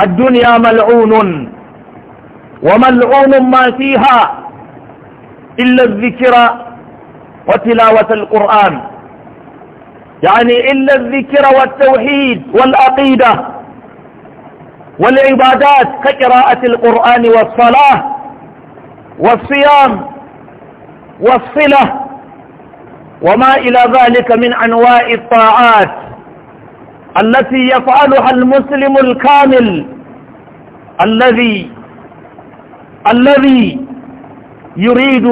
الدنيا ملعون وملعون ما فيها إلا الذكر وتلاوة القرآن يعني إلا الذكر والتوحيد والعقيدة والعبادات كقراءة القرآن والصلاة والصيام والصلة وما إلى ذلك من أنواع الطاعات التي يفعلها المسلم الكامل الذي الذي يريد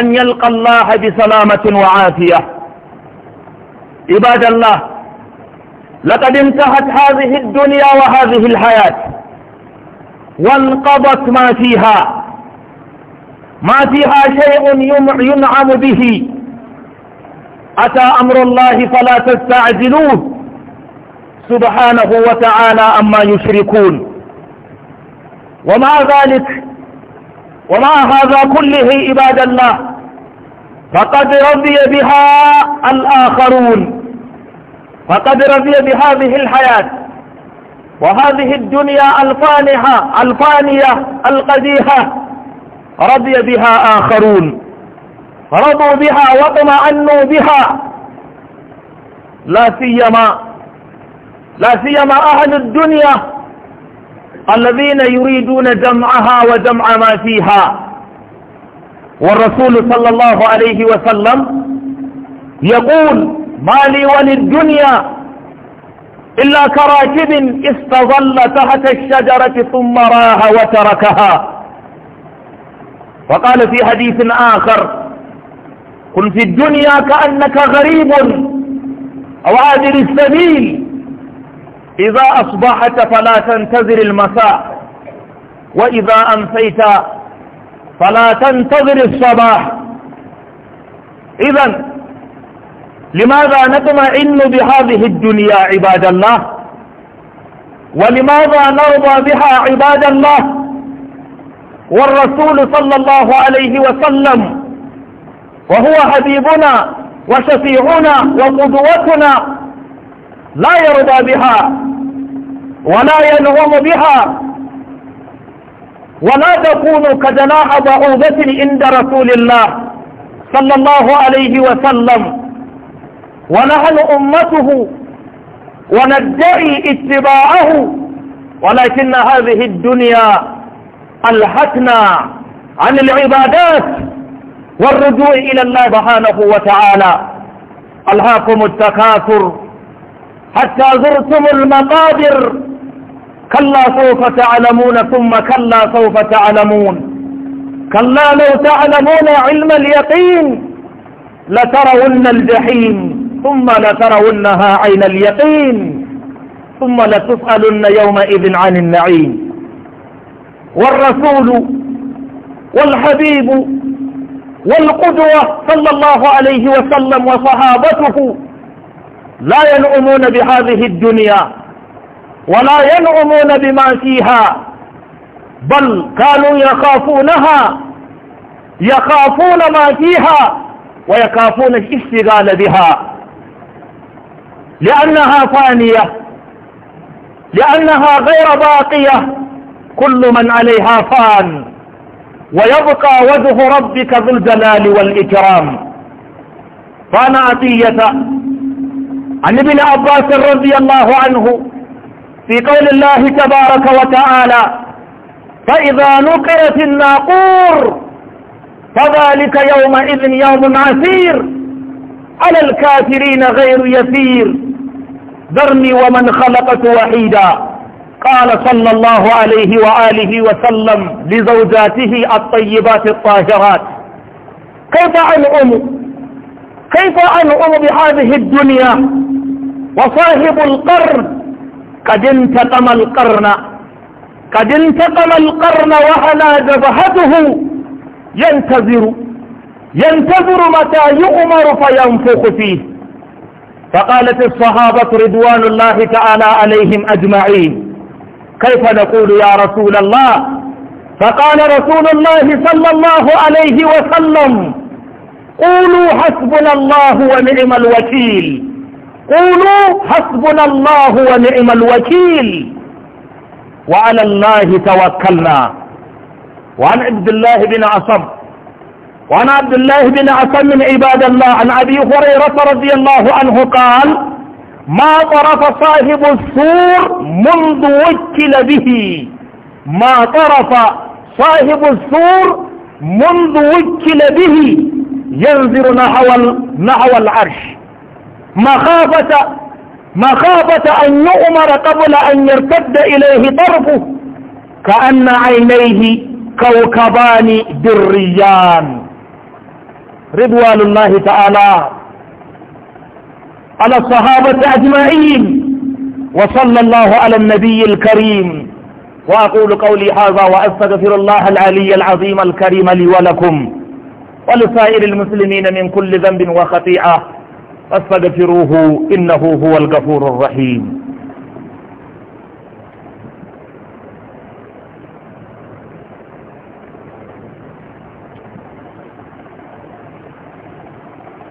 أن يلقى الله بسلامة وعافية عباد الله لقد انتهت هذه الدنيا وهذه الحياة وانقضت ما فيها ما فيها شيء ينعم به أتى أمر الله فلا تستعجلوه سبحانه وتعالى عما يشركون ومع ذلك ومع هذا كله عباد الله فقد رضي بها الآخرون فقد رضي بهذه الحياة وهذه الدنيا الفانحة الفانية القديحة رضي بها آخرون رضوا بها واطمأنوا بها لا سيما لا سيما أهل الدنيا الذين يريدون جمعها وجمع ما فيها والرسول صلى الله عليه وسلم يقول ما لي وللدنيا إلا كراكب استظل تحت الشجرة ثم راها وتركها وقال في حديث آخر كن في الدنيا كأنك غريب أو عابر السبيل إذا أصبحت فلا تنتظر المساء وإذا أمسيت فلا تنتظر الصباح إذا لماذا نطمئن بهذه الدنيا عباد الله ولماذا نرضى بها عباد الله والرسول صلى الله عليه وسلم وهو حبيبنا وشفيعنا وقدوتنا لا يرضى بها ولا ينوم بها ولا تكون كجناح بعوضة عند رسول الله صلى الله عليه وسلم ونحن أمته وندعي اتباعه ولكن هذه الدنيا ألهتنا عن العبادات والرجوع إلى الله سبحانه وتعالى ألهاكم التكاثر حتى زرتم المقابر كلا سوف تعلمون ثم كلا سوف تعلمون كلا لو تعلمون علم اليقين لترون الجحيم ثم لترونها عين اليقين ثم لتسألن يومئذ عن النعيم والرسول والحبيب والقدوة صلى الله عليه وسلم وصحابته لا ينعمون بهذه الدنيا ولا ينعمون بما فيها بل كانوا يخافونها يخافون ما فيها ويخافون الاشتغال بها لأنها فانية لأنها غير باقية كل من عليها فان ويبقى وجه ربك ذو الجلال والإكرام فأنا عطية عن ابن عباس رضي الله عنه في قول الله تبارك وتعالى فإذا نقرت الناقور فذلك يومئذ يوم عسير على الكافرين غير يسير ذرني ومن خلقت وحيدا قال صلى الله عليه وآله وسلم لزوجاته الطيبات الطاهرات كيف أنعم كيف أنعم بهذه الدنيا وصاحب القرن قد انتقم القرن قد انتقم القرن وهنا جبهته ينتظر ينتظر متى يؤمر فينفخ فيه فقالت الصحابة رضوان الله تعالى عليهم أجمعين كيف نقول يا رسول الله فقال رسول الله صلى الله عليه وسلم قولوا حسبنا الله ونعم الوكيل قولوا حسبنا الله ونعم الوكيل وعلى الله توكلنا وعن عبد الله بن عصم وعن عبد الله بن عصم عباد الله عن أبي هريرة رضي الله عنه قال ما طرف صاحب السور منذ وكل به ما طرف صاحب السور منذ وكل به ينظر نحو, نحو العرش مخافة مخافة أن يؤمر قبل أن يرتد إليه طرفه كأن عينيه كوكبان دريان رضوان الله تعالى على الصحابة أجمعين وصلى الله على النبي الكريم وأقول قولي هذا وأستغفر الله العلي العظيم الكريم لي ولكم ولسائر المسلمين من كل ذنب وخطيئة فاستغفروه انه هو الغفور الرحيم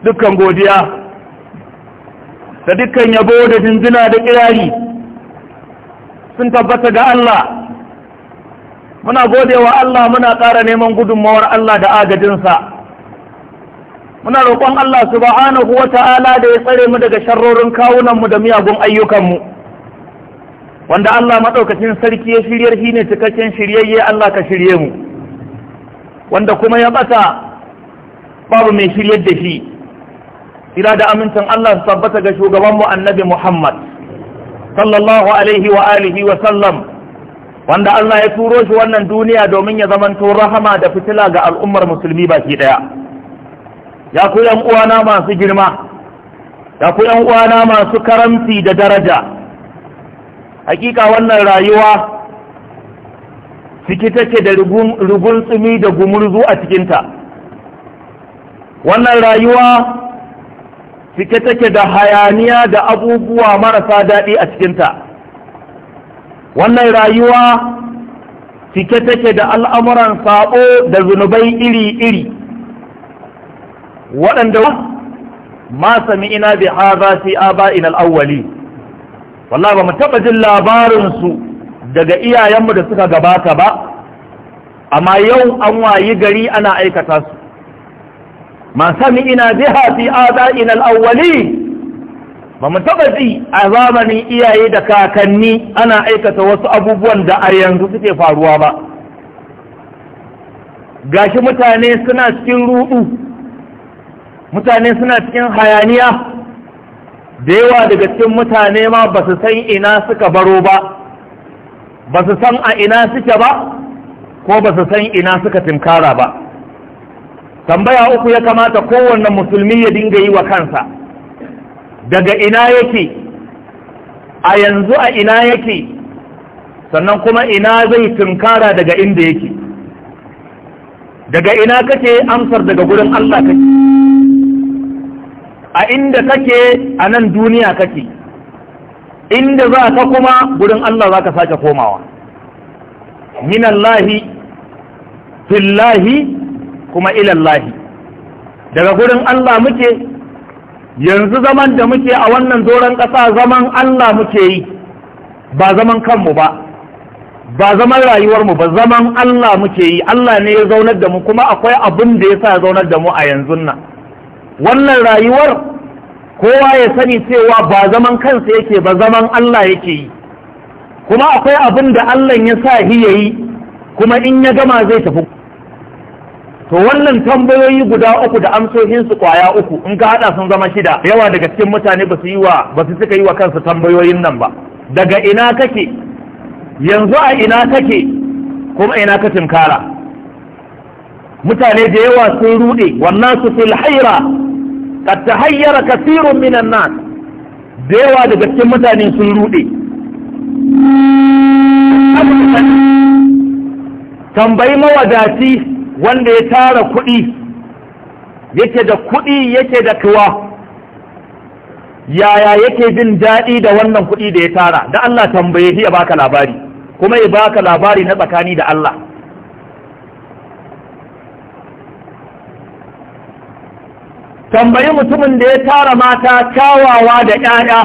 dukkan godiya da dukkan yabo da jinjina da kirari sun tabbata ga Allah muna godewa Allah muna ƙara neman gudunmawar Allah da agajinsa muna roƙon Allah subhanahu wa ta'ala da ya tsare mu daga sharrorin kawunanmu da miyagun ayyukanmu wanda Allah maɗaukacin sarki ya shiryar shi ne cikakken shiryayye Allah ka shirye mu wanda kuma ya bata babu mai shiryar da shi ira da amincin Allah su tabbata ga shugabanmu annabi Muhammad sallallahu alaihi wa alihi wa sallam wanda Allah ya turo shi wannan duniya domin ya zamanto rahama da fitila ga al'ummar musulmi baki ɗaya. ya ku yan uwana masu girma ya ku yan uwana masu karamci da daraja hakika wannan rayuwa ciki take da rugun tsumi da gumurzu a cikinta wannan rayuwa cike take da hayaniya da abubuwa marasa daɗi a cikinta wannan rayuwa cike take da al'amuran sabo da zunubai iri-iri waɗanda ma sami ina bi haza fi aba'in al'awwali wallahi ba mu taɓa jin labarinsu daga iyayenmu da suka gabata ba amma yau an wayi gari ana aikata su ma sami ina biha fi aba'in al'awwali ba mu taɓa ji a zamanin iyaye da kakanni ana aikata wasu abubuwan da a yanzu suke faruwa ba gashi mutane suna cikin ruɗu mutane suna cikin hayaniya da yawa daga cikin mutane ma ba su san ina suka baro ba ba su san a ina suke ba ko ba su san ina suka tunkara ba tambaya uku ya kamata kowanne musulmi ya dinga yi wa kansa daga ina yake a yanzu a ina yake sannan kuma ina zai tunkara daga inda yake daga ina kake amsar daga wurin Allah kake a inda kake a nan duniya kake inda za ka kuma gurin Allah za ka sake komawa minallahi fillahi kuma ilallahi daga gurin Allah muke yanzu zaman da muke a wannan doron ƙasa zaman Allah muke yi ba zaman kanmu ba ba zaman rayuwarmu ba zaman Allah muke yi Allah ne ya zaunar da mu kuma akwai abin da ya sa ya zaunar da mu a yanzun nan wannan rayuwar kowa ya sani cewa ba zaman kansa yake ba zaman Allah yake yi kuma akwai abin da Allah ya sa yayi kuma in ya gama zai tafi to wannan tambayoyi guda uku da amsoyinsu kwaya uku in ka hada sun zama shida yawa daga cikin mutane ba su yi wa ba su suka yi wa kansu tambayoyin nan ba daga ina kake yanzu a ina kake kuma ina ka tinkara mutane da yawa sun rude wannan su fil haira qad tahayyara kathirun minan nas da daga cikin mutane sun rude tambayi mawadaci wanda ya tara kuɗi yake da kuɗi yake da tuwa yaya yake jin daɗi da wannan kuɗi da ya tara da Allah tambaye shi ya baka labari kuma ya baka labari na tsakani da Allah tambayi mutumin da ya tara mata kyawawa da ƴaƴa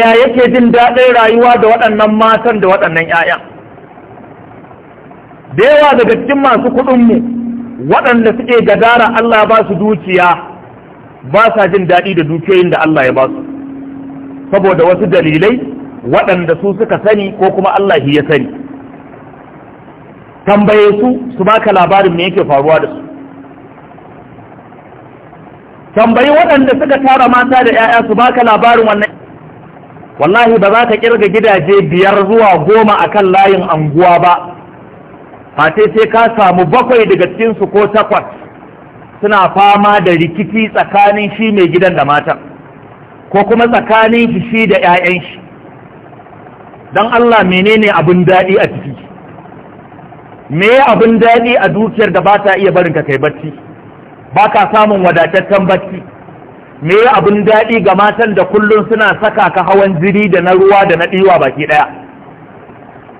yaya yake jin daɗin rayuwa da waɗannan matan da waɗannan ƴaƴan da yawa daga cikin masu kuɗinmu waɗanda suke gadara Allah ba su dukiya ba sa jin daɗi da dukiyoyin da Allah ya ba su saboda wasu dalilai waɗanda su suka sani ko kuma Allah ya sani tambaye su su baka labarin me yake faruwa da su tambayi waɗanda suka tara mata da 'ya'ya su baka labarin wannan wallahi ba za ka kirga gidaje biyar zuwa goma a kan layin anguwa ba fate sai ka samu bakwai daga cikinsu ko takwas suna fama da rikici tsakanin shi mai gidan da matan ko kuma tsakanin shi shi da 'ya'yan shi don Allah menene abin daɗi a ciki me abin daɗi a dukiyar da ba ta iya ka kai barci? ba ka samun wadataccen bacci me ya abin daɗi ga matan da kullum suna saka ka hawan jiri da na ruwa da na ɗiwa baki ɗaya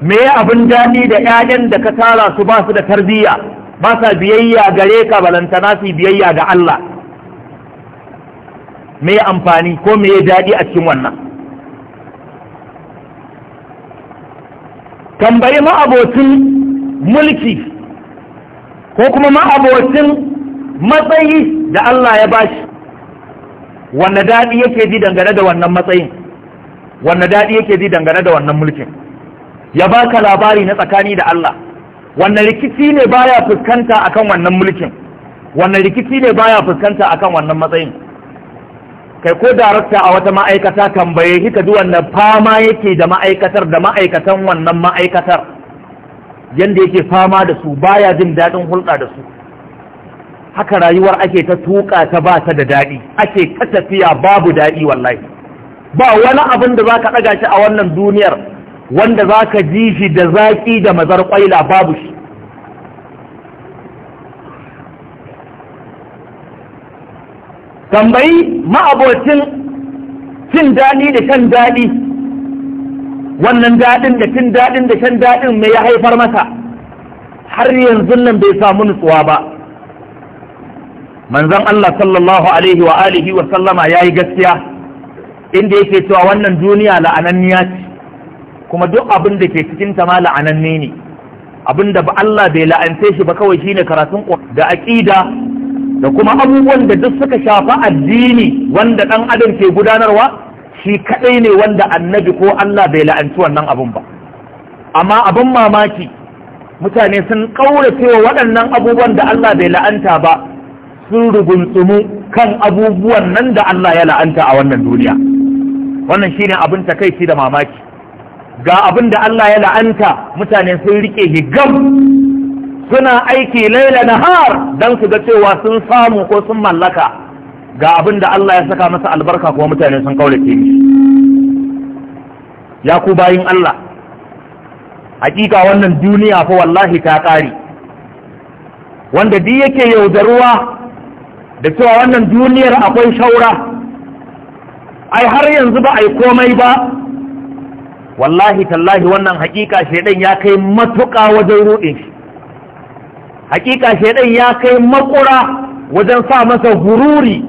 me ya abin daɗi da ƴaƴan da ka tara su ba su da tarbiyya ba sa biyayya gare ka balantana su biyayya ga Allah me ya amfani ko me ya daɗi a cikin wannan tambayi ma'abocin mulki ko kuma ma'abocin matsayi da Allah ya bashi wanda daɗi yake ji dangane da wannan matsayin wanda daɗi yake ji dangane da wannan mulkin ya baka labari na tsakani da Allah wanda rikici ne baya fuskanta akan wannan mulkin wanda rikici ne baya fuskanta akan wannan matsayin kai ko darakta a wata ma'aikata tambaye shi ka ji wannan fama yake da ma'aikatar da ma'aikatan wannan ma'aikatar yanda yake fama da su baya jin daɗin hulɗa da su haka rayuwar ake ta tuka ta ba ta da daɗi ake ta tafiya babu daɗi wallahi ba wani abin da za ka ɗaga shi a wannan duniyar wanda za ka ji shi da zaƙi da mazar ƙwaila babu shi tambayi ma'abocin cin daɗi da shan daɗi wannan daɗin da cin daɗin da shan daɗin mai ya haifar masa har yanzu nan bai samu nutsuwa ba manzon Allah sallallahu alaihi wa alihi wa sallama yayi gaskiya inda yake cewa wannan duniya la'ananniya ce kuma duk abin da ke cikin ta ma la'ananne ne abinda da ba Allah bai la'ance shi ba kawai shine karatun da aqida da kuma abubuwan da duk suka shafa addini wanda dan adam ke gudanarwa shi kadai ne wanda annabi ko Allah bai la'anci wannan abun ba amma abin mamaki mutane sun kaurace wa waɗannan abubuwan da Allah bai la'anta ba sun rugunsumu kan abubuwan nan da Allah ya la'anta a wannan duniya wannan shine abin takaici da mamaki ga abin da Allah ya la'anta mutane sun rike higam suna aiki laila nahar dan su ga cewa sun samu ko sun mallaka ga abin da Allah ya saka masa albarka kuma mutane sun kaulace shi ya ku bayin Allah hakika wannan duniya fa wallahi ta kare wanda duk yake yaudaruwa da cewa wannan duniyar akwai shaura ai har yanzu ba a yi komai ba wallahi tallahi wannan hakika shaidan ya kai matuƙa wajen ruɗin shi hakika shaidan ya kai makura wajen sa masa hururi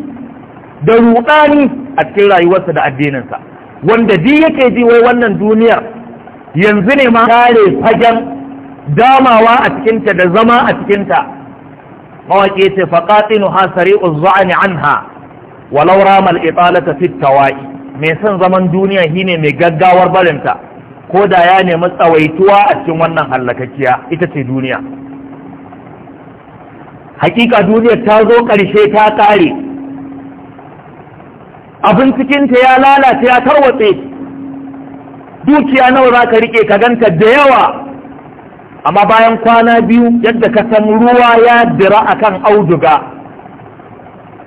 da ruɗani a cikin rayuwarsa da addininsa wanda di yake ji wai wannan duniyar yanzu ne ma kare fagen damawa a cikinta da zama a cikinta mawaƙi ce faƙatinu ha sari'u za'ani anha walau ramal ta fit tawa'i mai son zaman duniya shine mai gaggawar barinta ko da ya nemi tsawaituwa a cikin wannan hallakakkiya ita ce duniya hakika duniyar ta zo ƙarshe ta ƙare abin cikinta ya lalace ya tarwatse dukiya nawa za ka riƙe ka ganta da yawa amma bayan kwana biyu yadda ka san ruwa ya dira kan auduga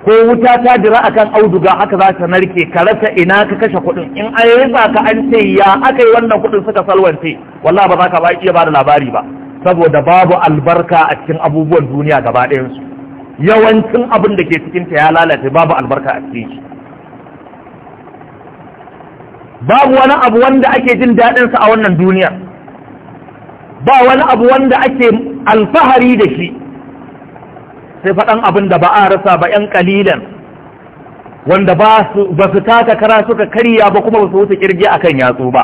ko wuta ta dira akan auduga haka za ta narke ka rasa ina ka kashe kuɗin in an rufa ka an ce ya aka yi wannan kuɗin suka salwance wallah ba za ka iya ba da labari ba saboda babu albarka a cikin abubuwan duniya gaba ɗayansu yawancin abin da ke cikin ta ya lalace babu albarka a cikin shi babu wani abu wanda ake jin daɗinsa a wannan duniyar ba wani abu wanda ake alfahari da shi sai faɗan abin da ba a rasa ba 'yan ƙalilan wanda ba su taka kara suka karya ba kuma ba su wuce kirgi a kan yatsu ba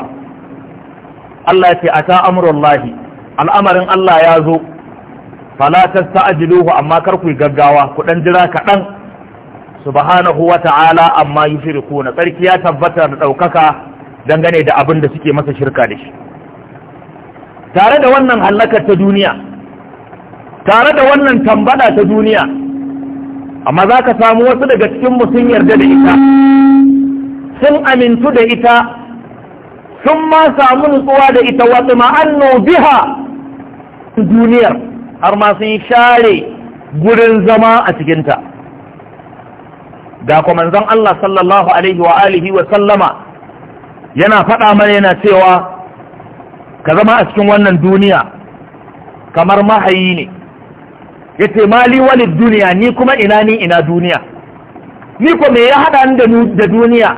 Allah ce a ta lahi, al'amarin Allah ya zo falatar sa'ajiluhu amma karku gaggawa ku ɗan jira kaɗan subhanahu wa ta'ala amma yi shirku na tsarki ya tabbatar da ɗaukaka dangane da abin da suke masa shirka da shi tare da wannan hallakar ta duniya tare da wannan tambada ta duniya amma za ka samu wasu daga cikinmu sun yarda da ita sun amintu da ita sun ma samu nutsuwa da ita wasu ma'anno biha duniyar har ma sun share gurin zama a cikinta ga kuma zan Allah sallallahu alaihi wa wa sallama yana faɗa mana yana cewa ka zama a cikin wannan duniya kamar mahayi ne ya ce mali walid duniya ni kuma ina ni ina duniya ni ko me ya haɗa ni da duniya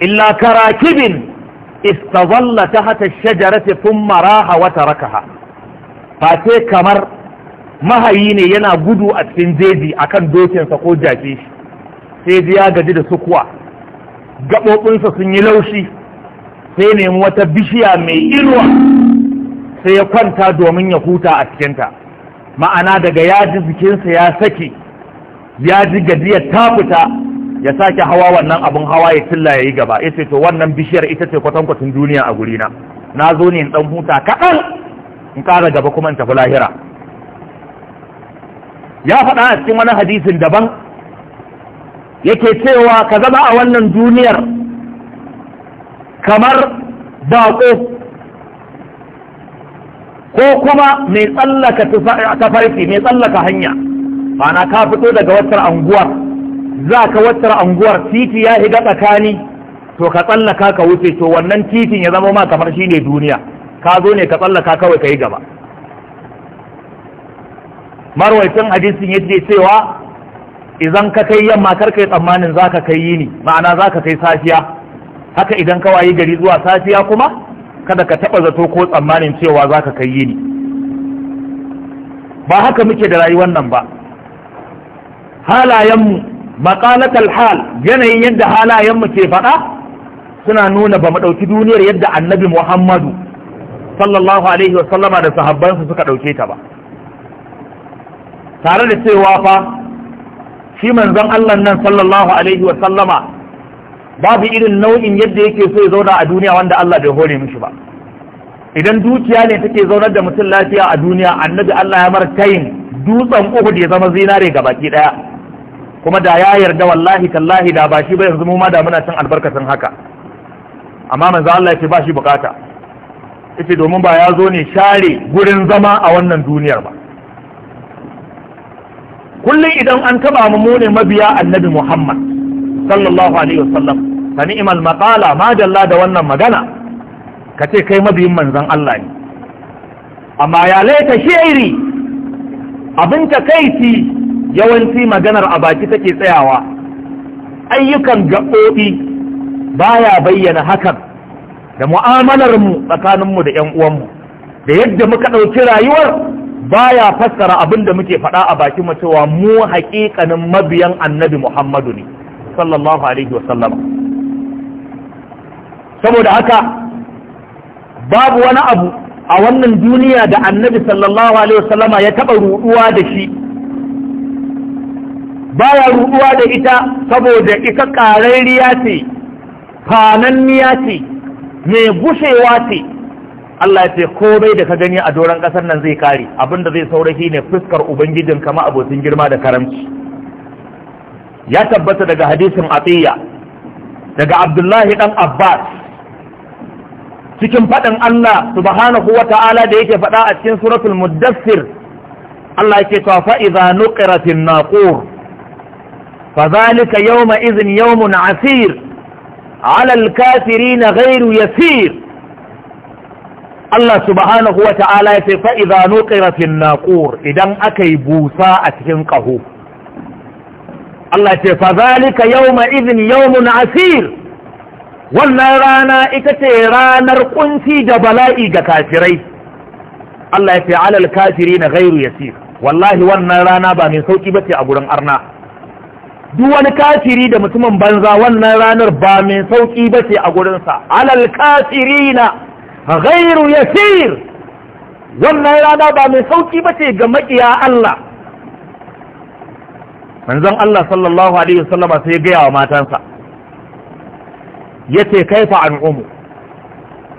illa karakibin istazalla ta hata shajarati sun maraha wata rakaha face kamar mahayi ne yana gudu a cikin jeji akan dokinsa ko jafi sai ji ya gaji da sukuwa gaɓoɓinsa sun yi laushi sai nemi wata bishiya mai inuwa sai ya kwanta domin ya huta a cikinta ma'ana daga ya ji jikinsa ya sake ya ji gajiyar ta fita ya sake hawa wannan abin hawa ya tilla ya yi gaba ya to wannan bishiyar ita ce kwatankwacin duniya a gurina na zo ne in dan huta kaɗan in ƙara gaba kuma in tafi lahira ya faɗa a cikin wani hadisin daban yake cewa ka zama a wannan duniyar kamar baƙo ko kuma mai tsallaka tafarki mai tsallaka hanya mana ka fito daga wata anguwar za ka wata anguwar titi ya higa tsakani to ka tsallaka ka wuce to wannan titin ya zama ma kamar shi ne duniya ka zo ne ka tsallaka kawai ka yi gaba marwaicin hadisin ya ce cewa idan ka kai yamma kar yi tsammanin za ka kai yini ma'ana za ka kai safiya haka idan ka wayi gari zuwa safiya kuma kada ka taba zato ko tsammanin cewa za ka kai yini ba haka muke da rayuwar nan ba halayenmu maƙalatar hal yanayin yadda halayen mu ke faɗa suna nuna ba mu ɗauki duniyar yadda annabi muhammadu sallallahu alaihi wasallama da sahabbansu suka ɗauke ta ba tare da cewa fa shi manzon Allah nan sallallahu alaihi wasallama babu irin nau'in yadda yake so ya zauna a duniya wanda Allah bai hore mishi ba idan dukiya ne take zaunar da mutum lafiya a duniya annabi Allah ya mar yin dutsen Uhud ya zama zinare ga baki daya kuma da ya yarda wallahi tallahi da ba shi ba yanzu mu ma da muna cin albarkatun haka amma manzo Allah ya ce ba shi bukata yace domin ba ya zo ne share gurin zama a wannan duniyar ba kullum idan an taba mu ne mabiya annabi Muhammad sallallahu alaihi wasallam Sani ni'mal maqala ma dalla da wannan magana kace kai mabiyin manzon Allah ne amma ya laita shi'iri abin takaici yawanci maganar a baki take tsayawa ayyukan gaɓoɓi baya bayyana hakan da tsakanin tsakaninmu da 'yan uwanmu da yadda muka ɗauki rayuwar baya fassara abin da muke faɗa a bakin mu cewa mu haƙiƙanin mabiyan annabi Muhammadu ne sallallahu alaihi wasallam saboda haka babu wani abu a wannan duniya da annabi sallallahu alaihi wasallam ya taɓa ruduwa da shi baya ruduwa da ita saboda ita ƙarariya ce fananniya ce mai gushewa ce Allah ya ce komai da ka gani a doron ƙasar nan zai kare abinda zai sauraki ne fuskar ubangijin kama abokin girma da karamci ya tabbata daga hadisin atiya daga abdullahi dan abbas cikin faɗin Allah subhanahu wa ta'ala da yake faɗa a cikin suratul muddassir Allah yake cewa fa idza nuqiratin naqur fa zalika yawma idhin yawmun asir ala al-kafirin ghayru yasir Allah subhanahu wa ta'ala ya ce fa idza nuqiratin naqur idan akai busa a cikin qahu Allah ce fa zalika yawma idhin yawmun asir wannan rana ita ce ranar kunci da bala'i ga kafirai Allah ya ce alal kafiri na, ghairu yasir wallahi wannan rana ba mai sauki bace a gurin arna duk wani kafiri da mutumin banza wannan ranar ba mai sauki bace a gurin sa alal na, ghairu yasir wannan rana ba mai sauki bace ga makiya Allah manzon Allah sallallahu alaihi wasallam sai gaya wa matansa yace kaifa an umu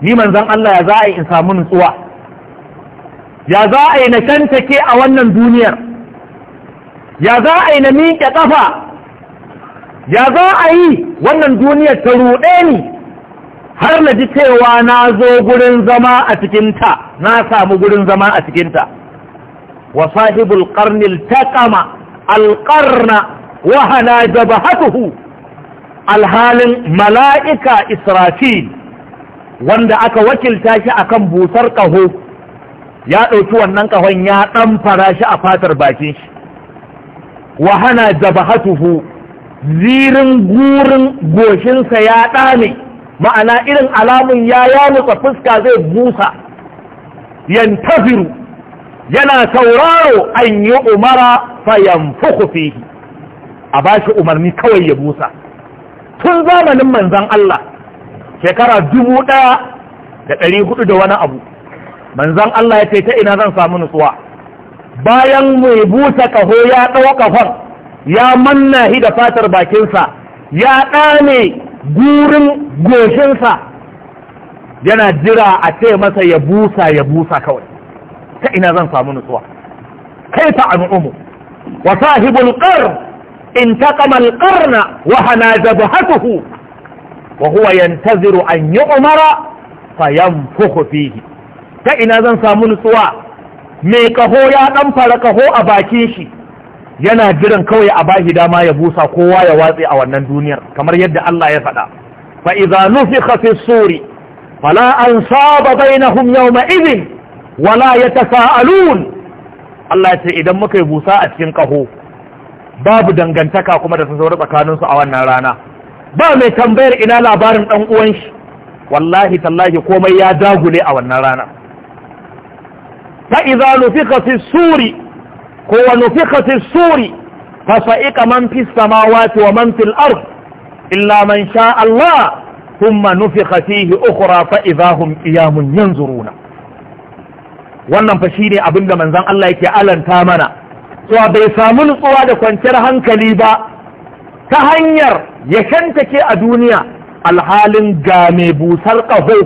ni manzon Allah ya za a in samu nutsuwa ya za a yi na cantake a wannan duniyar ya za a yi na miƙe ƙafa ya za a yi wannan duniyar ta ruɗe ni har na ji cewa na zo gurin zama a cikinta na samu gurin zama a cikinta wa sahibul ta taƙama alƙarna wahana jabahatuhu alhalin mala'ika israfil wanda aka wakilta shi akan busar ƙaho ya ɗauki wannan ƙahon ya ɗan fara shi a fatar bakin shi wahana jabahatuhu zirin gurin goshinsa ya ɗame ma'ana irin alamun ya yamutsa fuska zai busa yantafiru yana sauraro an yi umara fayanfuku fihi a bashi umarni kawai ya busa tun zamanin manzan Allah shekara dubu ɗaya da ɗari hudu da wani abu manzan Allah ya ce ta ina zan samu nutsuwa bayan mai busa kaho ya ɗau kafan ya manna hi da fatar bakinsa ya ɗane gurin goshinsa yana jira a ce masa ya busa ya busa kawai ta ina zan samu nutsuwa kai ta umu وصاحب القرن انتقم القرن وهنا ذبحته وهو ينتظر أن يؤمر فينفخ فيه فإن هذا سامون سواء ميكهو يا أنفر كهو أباكيشي ينا جرن كوي أباهي داما يبوسى قوى يواضع ونن دونيا كما يدى الله يفعل فإذا نفخ في الصور فلا أنصاب بينهم يومئذ ولا يتساءلون Allah ya ce idan muka yi busa a cikin ƙaho babu dangantaka kuma da sassaurar tsakaninsu a wannan rana ba mai tambayar ina labarin ɗan uwan shi wallahi tallahi komai ya dagule a wannan rana ta iza nufika fi suri ko wa nufika fi suri fa sa'iqa man fi samawati wa man fil ard illa man sha Allah thumma nufika fihi ukhra fa idha hum qiyamun yanzuruna wannan fa shine abin da manzon Allah yake alanta mana to bai samu nutsuwa da kwanciyar hankali ba ta hanyar ya shantake a duniya alhalin ga mai busar ƙaho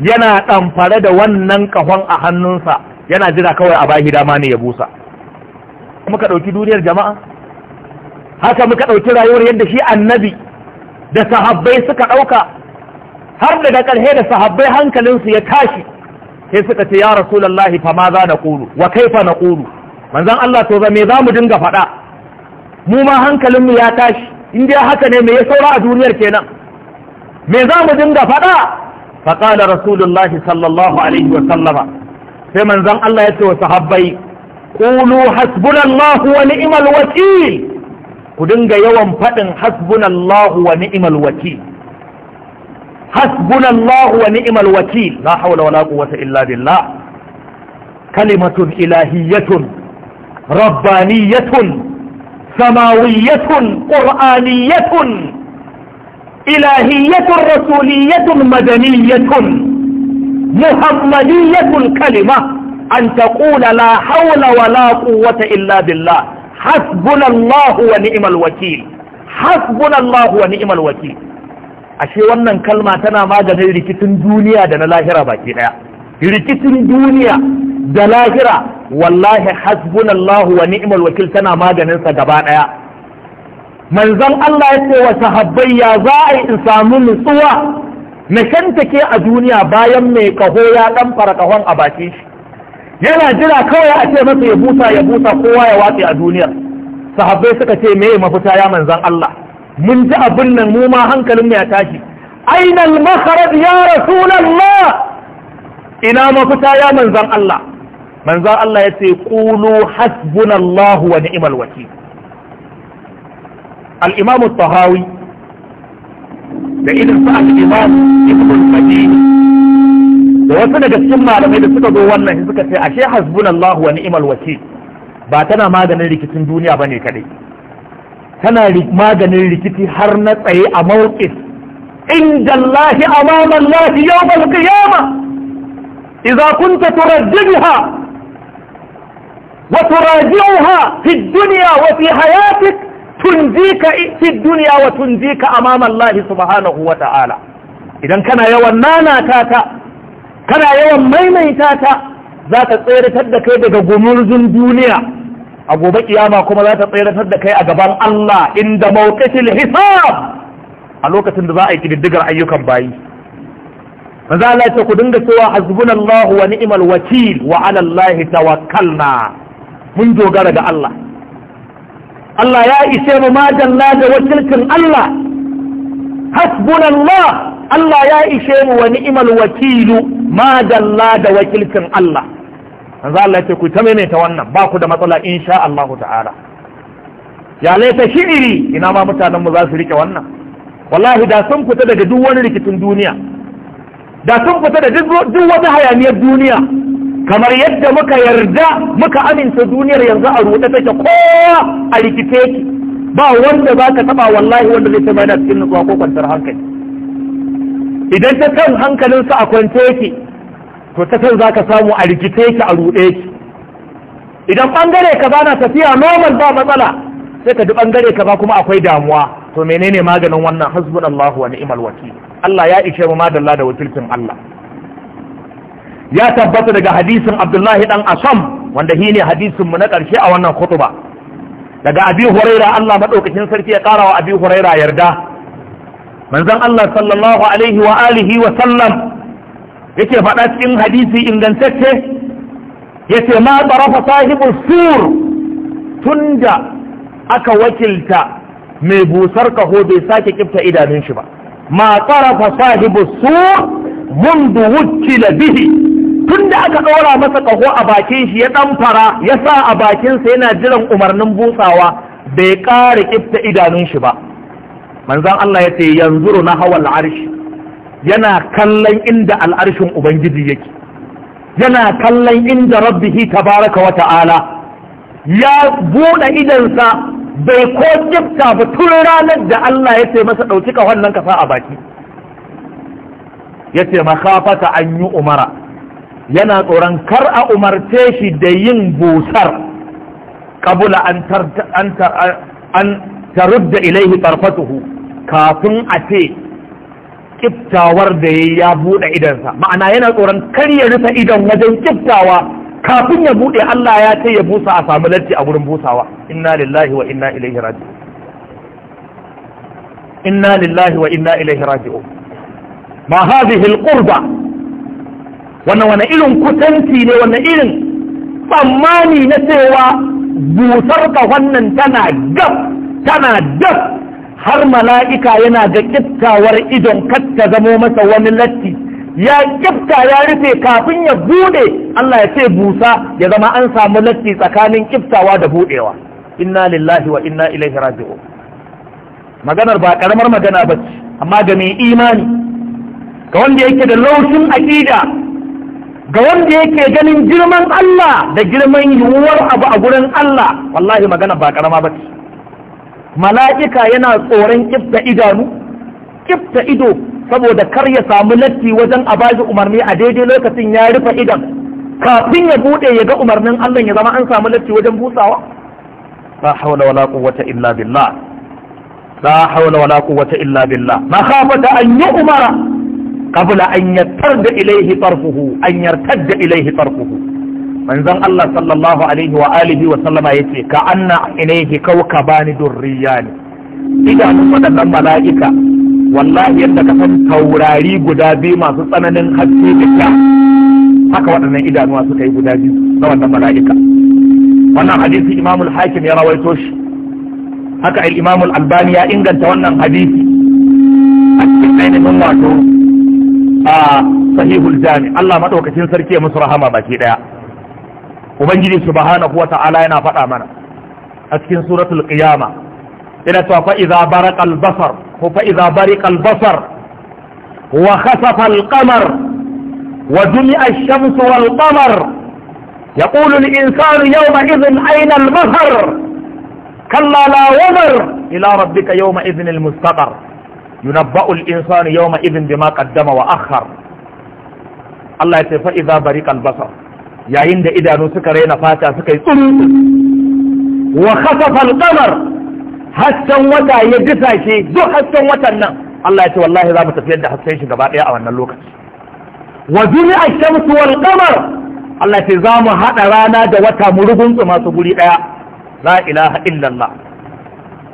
yana ɗamfare da wannan ƙahon a hannunsa yana jira kawai a bahi dama ne ya busa muka ɗauki duniyar jama'a haka muka ɗauki rayuwar yadda shi annabi da sahabbai suka ɗauka har daga karhe da sahabbai hankalinsu ya tashi sai suka ce ya rasulullahi fa ma za na ƙulu wa kaifa na ƙulu manzan Allah to za me za mu dinga faɗa mu ma hankalinmu ya tashi in dai haka ne me ya saura a duniyar kenan me za mu dinga faɗa fa qala rasulullahi sallallahu alaihi wa sallama sai manzan Allah ya ce wa sahabbai kulu hasbunallahu wa ni'imal wakil ku dinga yawan faɗin hasbunallahu wa ni'imal wakil حسبنا الله ونعم الوكيل لا حول ولا قوة إلا بالله كلمة إلهية ربانية سماوية قرآنية إلهية رسولية مدنية محمدية الكلمة أن تقول لا حول ولا قوة إلا بالله حسبنا الله ونعم الوكيل حسبنا الله ونعم الوكيل ashe wannan kalma tana maganin rikicin duniya da na lahira baki daya rikicin duniya da lahira wallahi hasbunallahu wa ni'mal wakil tana maganin sa gaba daya manzon Allah ya ce wa sahabbai ya za a yi in samu nutsuwa na shantake a duniya bayan mai kaho ya dan fara kahon a bakin shi yana jira kawai a ce masa ya busa ya busa kowa ya watse a duniyar sahabbai suka ce me mafita ya manzon Allah mun ji abin nan mu ma hankalin mu ya tashi ainal makharaj ya rasulullah ina mafita ya manzan Allah manzan Allah ya ce qulu hasbunallahu wa ni'mal wakil al-imam tahawi da idan sa al-imam ibn madini da wasu daga cikin malamai da suka zo wannan shi suka ce ashe hasbunallahu wa ni'mal wakil ba tana maganin rikicin duniya bane kadai tana maganin rikici har na tsaye a mawqif inda Allah amama Allah yawm al-qiyama idza kunta turajjihha wa turaji'uha fi ad-dunya wa fi hayatik tunzika fi ad-dunya wa tunzika amama Allah subhanahu wa ta'ala idan kana yawan nana tata kana yawan maimaita ta za ta tsayar da kai daga gumurzun duniya a gobe kiyama kuma za ta tsayar da kai a gaban Allah inda mawqifil hisab a lokacin da za a yi kididdigar ayyukan bayi manzo Allah ya ce ku dinga cewa hasbunallahu wa ni'mal wakil wa 'ala Allah tawakkalna mun dogara ga Allah Allah ya ishe mu ma madalla da wakilcin Allah hasbunallah Allah ya ishe mu wa ni'mal wakilu madalla da wakilcin Allah Yanzu Allah ce ku ta maimaita wannan ba ku da matsala insha Allah ta'ala ya laita iri ina ma mutanen za su rike wannan wallahi da sun fita daga duk wani rikicin duniya da sun fita da duk wata hayaniyar duniya kamar yadda muka yarda muka aminta duniyar yanzu a rubuta take ko a rikice ki ba wanda za ka taɓa wallahi wanda zai taɓa yana cikin nutsuwa ko kwantar hankali idan ta kan hankalinsa a kwance ki. to ta kan za ka samu a rikice ki a ruɗe ki idan ɓangare ka na tafiya normal ba matsala sai ka duk ɓangare ka ba kuma akwai damuwa to menene maganin wannan hasbun Allah wa ni'mal wakil Allah ya ishe mu madalla da wakilcin Allah ya tabbata daga hadisin Abdullahi dan Asam wanda hi ne hadisin mu na ƙarshe a wannan khutba daga Abi Huraira Allah madaukakin sarki ya ƙara wa Abi Huraira yarda manzon Allah sallallahu alaihi wa alihi wa sallam yake faɗa cikin hadisi ingantacce yace ma tarafa sahibul sur tunda aka wakilta mai busar kaho bai sake kifta idanun shi ba ma tarafa sahibul sur mundu bihi tunda aka ɗora masa ƙaho a bakin shi ya ɗan fara ya sa a bakinsa yana jiran umarnin busawa bai ƙara ƙifta idanun shi ba manzan Allah ya ce yanzuru na hawal arshi yana kallon inda al'arshin ubangiji yake yana kallon inda rabbihi tabaraka wa ta'ala ya buɗe idansa bai ko jifta ba tun ranar da Allah ya ce masa ɗauki ka wannan kasa a baki ya ce makafata an yi umara yana tsoron kar a umarce shi da yin busar kabula an tarudda ilaihi farfatuhu kafin a ce kiftawar da ya ya buɗe idansa ma'ana yana tsoron kar ya rufe idan wajen kiftawa kafin ya buɗe, Allah ya ce ya busa a samu latti a gurin busawa inna lillahi wa inna ilaihi raji inna lillahi wa inna ilaihi raji ma hadhihi alqurba wannan wani irin kutanci ne wannan irin tsammani na cewa busar ka wannan tana gab tana gab har mala'ika yana ga kiftawar idon katta zamo masa wani latti ya kifta ya rufe kafin ya bude Allah ya ce busa ya zama an samu latti tsakanin kiftawa da budewa inna lillahi wa inna ilaihi raji'un maganar ba karamar magana ba ce amma ga mai imani ga wanda yake da laushin aƙida ga wanda yake ganin girman Allah da girman yiwuwar abu a gurin Allah wallahi magana ba karama ba ce mala'ika yana tsoron kifta idanu kifta ido saboda kar ya samu latti wajen a bashi umarni a daidai lokacin ya rufe idan kafin ya bude ya ga umarnin Allah ya zama an samu latti wajen busawa la hawla wala quwwata illa billah la hawla wala quwwata illa billah makhafata an yu'mara qabla an yatarda ilayhi tarfuhu an yartadda ilayhi tarfuhu manzon Allah sallallahu alaihi wa alihi wa sallama yace ka anna ilayhi kawkabani durriyani idanun wadannan mala'ika wallahi yadda ka san taurari guda biyu masu tsananin haske da sha haka waɗannan idanuwa suka yi guda biyu na wannan mala'ika wannan hadisi imamul hakim ya rawaito shi haka imamul albani ya inganta wannan hadisi a cikin ainihin wato a sahihul jami Allah madaukakin sarki ya musu rahama baki daya ubangiji subhanahu wa ta'ala yana faɗa mana a cikin suratul qiyama ina ta fa idza baraqa al basar ko fa idza bariqa al basar wa khasafa al qamar wa jumi'a ash shamsu wal qamar yaqulu al insanu yawma idhin ayna al masar kalla la wazar ila rabbika yawma idhin al mustaqar yunabba'u al insanu yawma idhin bima qaddama wa akhar Allah ya ce fa idza bariqa al basar yayin da idanu suka raina fata suka yi tsuru wa khasafa al-qamar hasken wata ya disa shi duk hasken watan nan Allah ya ce wallahi za mu tafi da hasken shi gaba daya a wannan lokaci wa jumi'a ash-shamsu wal qamar Allah ya ce za mu hada rana da wata mu rugunsu masu guri daya la ilaha illallah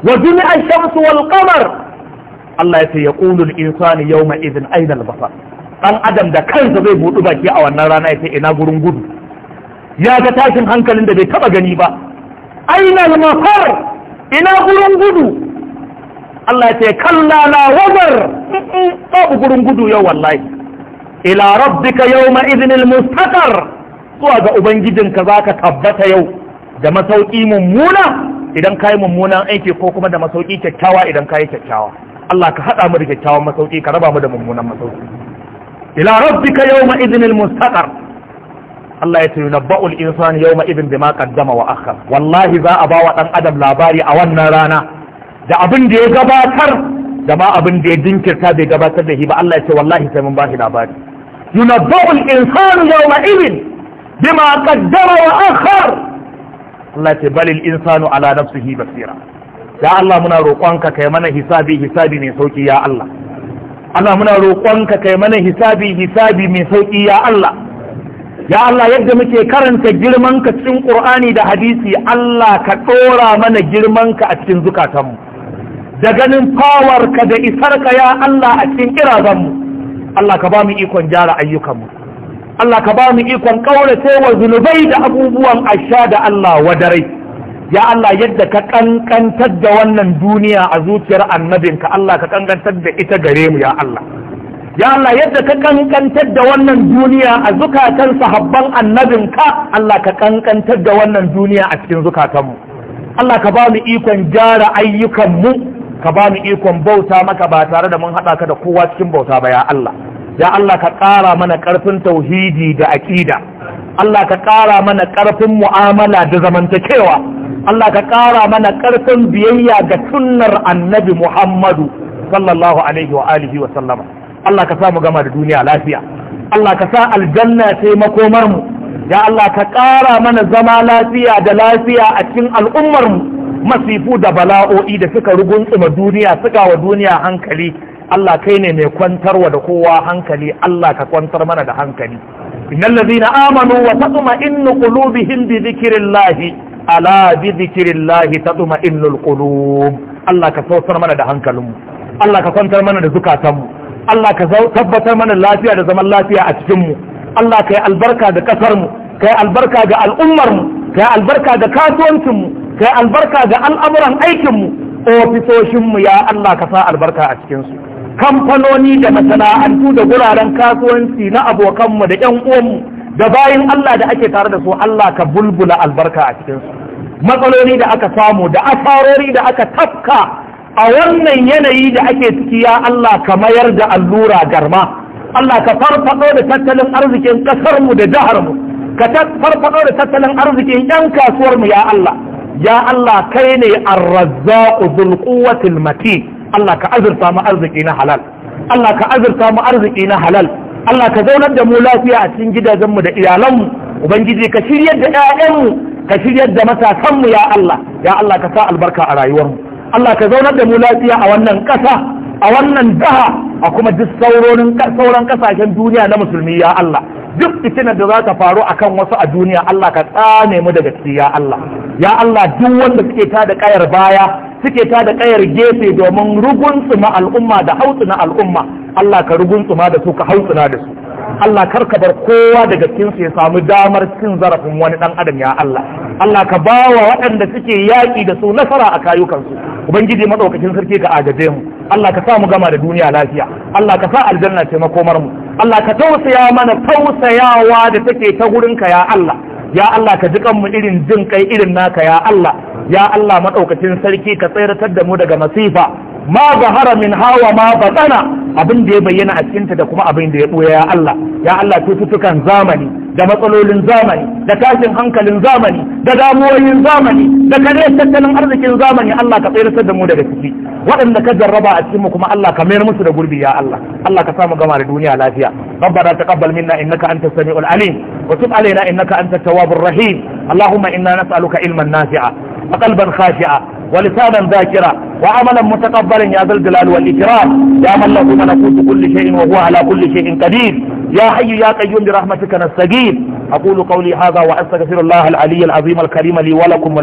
wa jumi'a ash-shamsu wal qamar Allah ya ce yaqulu al-insanu yawma idhin ayna al-basar dan adam da kansa zai budu baki a wannan rana ya ce ina gurin gudu ya ga tashin hankalin da bai taba gani ba aina al-mafar ina gurin gudu Allah ya ce kalla na wazar babu gurin gudu yau wallahi ila rabbika yawma idhnil mustaqar zuwa ga ubangijinka zaka tabbata yau da masauki mummuna idan kai mummunan aiki ko kuma da masauki kyakkyawa idan kai kyakkyawa Allah ka hada mu da kyakkyawan masauki ka raba mu da mummunan masauki ila rabbika yawma idhnil mustaqar Allah ya tuna ba'ul insani yawma idin bima qaddama wa akhar wallahi za a ba wa dan adam labari a wannan rana da abin da ya gabatar da ma abin da ya jinkirta bai gabatar da shi ba Allah ya ce wallahi sai mun ba shi labari yunabba'ul insanu yawma idin bima qaddama wa akhar Allah ya ce balil insanu ala nafsihi basira ya Allah muna roƙonka kai mana hisabi hisabi mai sauki ya Allah Allah muna roƙonka kai mana hisabi hisabi mai sauki ya Allah ya Allah yadda muke karanta girmanka cikin Qur'ani da hadisi Allah ka ɗora mana girmanka a cikin zukatanmu da ganin fawarka da isarka ya Allah a cikin kirazanmu Allah ka ba mu ikon gyara ayyukanmu Allah ka ba mu ikon ƙaurace wa zunubai da abubuwan asha da Allah dare. ya Allah yadda ka kankantar da wannan duniya a zuciyar annabinka Allah ka kankantar da ita gare mu ya Allah ya Allah yadda ka kankantar da wannan duniya a zukatan sahabban annabinka Allah ka kankantar da wannan duniya a cikin zukatanmu Allah ka ba mu ikon gyara ayyukanmu ka ba mu ikon bauta maka ba tare da mun haɗa ka da kowa cikin bauta ba ya Allah ya Allah ka ƙara mana ƙarfin tauhidi da aƙida Allah ka ƙara mana ƙarfin mu'amala da zamantakewa Allah ka ƙara mana ƙarfin biyayya ga sunnar annabi Muhammadu sallallahu alaihi wa alihi wa sallama Allah ka sa mu gama da duniya lafiya Allah ka sa aljanna sai makomar mu ya Allah ka ƙara mana zama lafiya da lafiya a cikin al'ummar mu masifu da bala'o'i da suka ruguntsuma duniya suka wa duniya hankali Allah kai ne mai kwantarwa da kowa hankali Allah ka kwantar mana da hankali innal ladina amanu wa tatma'innu qulubihim bi dhikrillah ala bi dhikrillah tatma'innul qulub Allah ka saukar mana da hankalinmu Allah ka kwantar mana da zukatanmu Allah ka tabbatar mana lafiya da zaman lafiya a cikinmu Allah ka yi albarka da ƙasarmu ka yi albarka ga al'ummarmu ka yi albarka da kasuwancinmu ka yi albarka ga al'amuran aikinmu ofisoshinmu ya Allah ka sa albarka a cikinsu kamfanoni da masana'antu da guraren kasuwanci na abokanmu da 'yan uwanmu da bayan Allah da ake tare da su Allah ka bulbula albarka a cikinsu matsaloli da aka samu da asarori da aka tafka a wannan yanayi da ake ciki ya Allah ka mayar da allura garma Allah ka farfado da tattalin arzikin kasar mu da jihar mu ka farfado da tattalin arzikin yan kasuwar mu ya Allah ya Allah kai ne ar-razzaq dhul quwwati al-matin Allah ka azurta mu arziki na halal Allah ka azurta mu arziki na halal Allah ka zaunar da mu lafiya a cikin gidajenmu da iyalanmu ubangiji ka shiryar da 'ya'yanmu ka shiryar da matasanmu ya Allah ya Allah ka sa albarka a rayuwarmu Allah ka zaunar da mu lafiya a wannan ƙasa a wannan jiha a kuma duk sauran kasashen duniya na musulmi ya Allah duk fitinar da za ta faru akan wasu a duniya Allah ka tsane mu daga ciki ya Allah ya Allah duk wanda suke ta da ƙayar baya suke ta da kayar gefe domin ma al'umma da hautsuna al'umma Allah ka ma da su ka hautsuna da su Allah kar ka bar kowa daga cikin su ya samu damar cin zarafin wani dan adam ya Allah Allah ka bawa waɗanda suke yaƙi da su nasara a kayukansu ubangiji madaukakin sarki ka agaje mu Allah ka sa mu gama da duniya lafiya Allah ka sa aljanna ce makomar mu Allah ka tausaya mana tausayawa da take ta gurin ka ya Allah ya Allah ka ji kanmu irin jin kai irin naka ya Allah ya Allah madaukakin sarki ka tsayratar da mu daga masifa ma zahara min hawa ma batana abin da ya bayyana a cikinta da kuma abin da ya buya ya Allah ya Allah cututtukan zamani da matsalolin zamani da tashin hankalin zamani da damuwoyin zamani da kare tattalin arzikin zamani Allah ka tsayar da mu daga ciki waɗanda ka jarraba a cikin mu kuma Allah ka mayar musu da gurbi ya Allah Allah ka samu gama da duniya lafiya ربنا تقبل منا انك انت السميع العليم وتب علينا انك انت التواب الرحيم اللهم انا نسالك علما نافعا وقلبا خاشعا ولسانا ذاكرا وعملا متقبلا يا ذا الجلال والإكرام يا من له ملكوت كل شيء وهو على كل شيء قدير يا حي يا قيوم برحمتك نستجيب أقول قولي هذا وأستغفر الله العلي العظيم الكريم لي ولكم ولسانا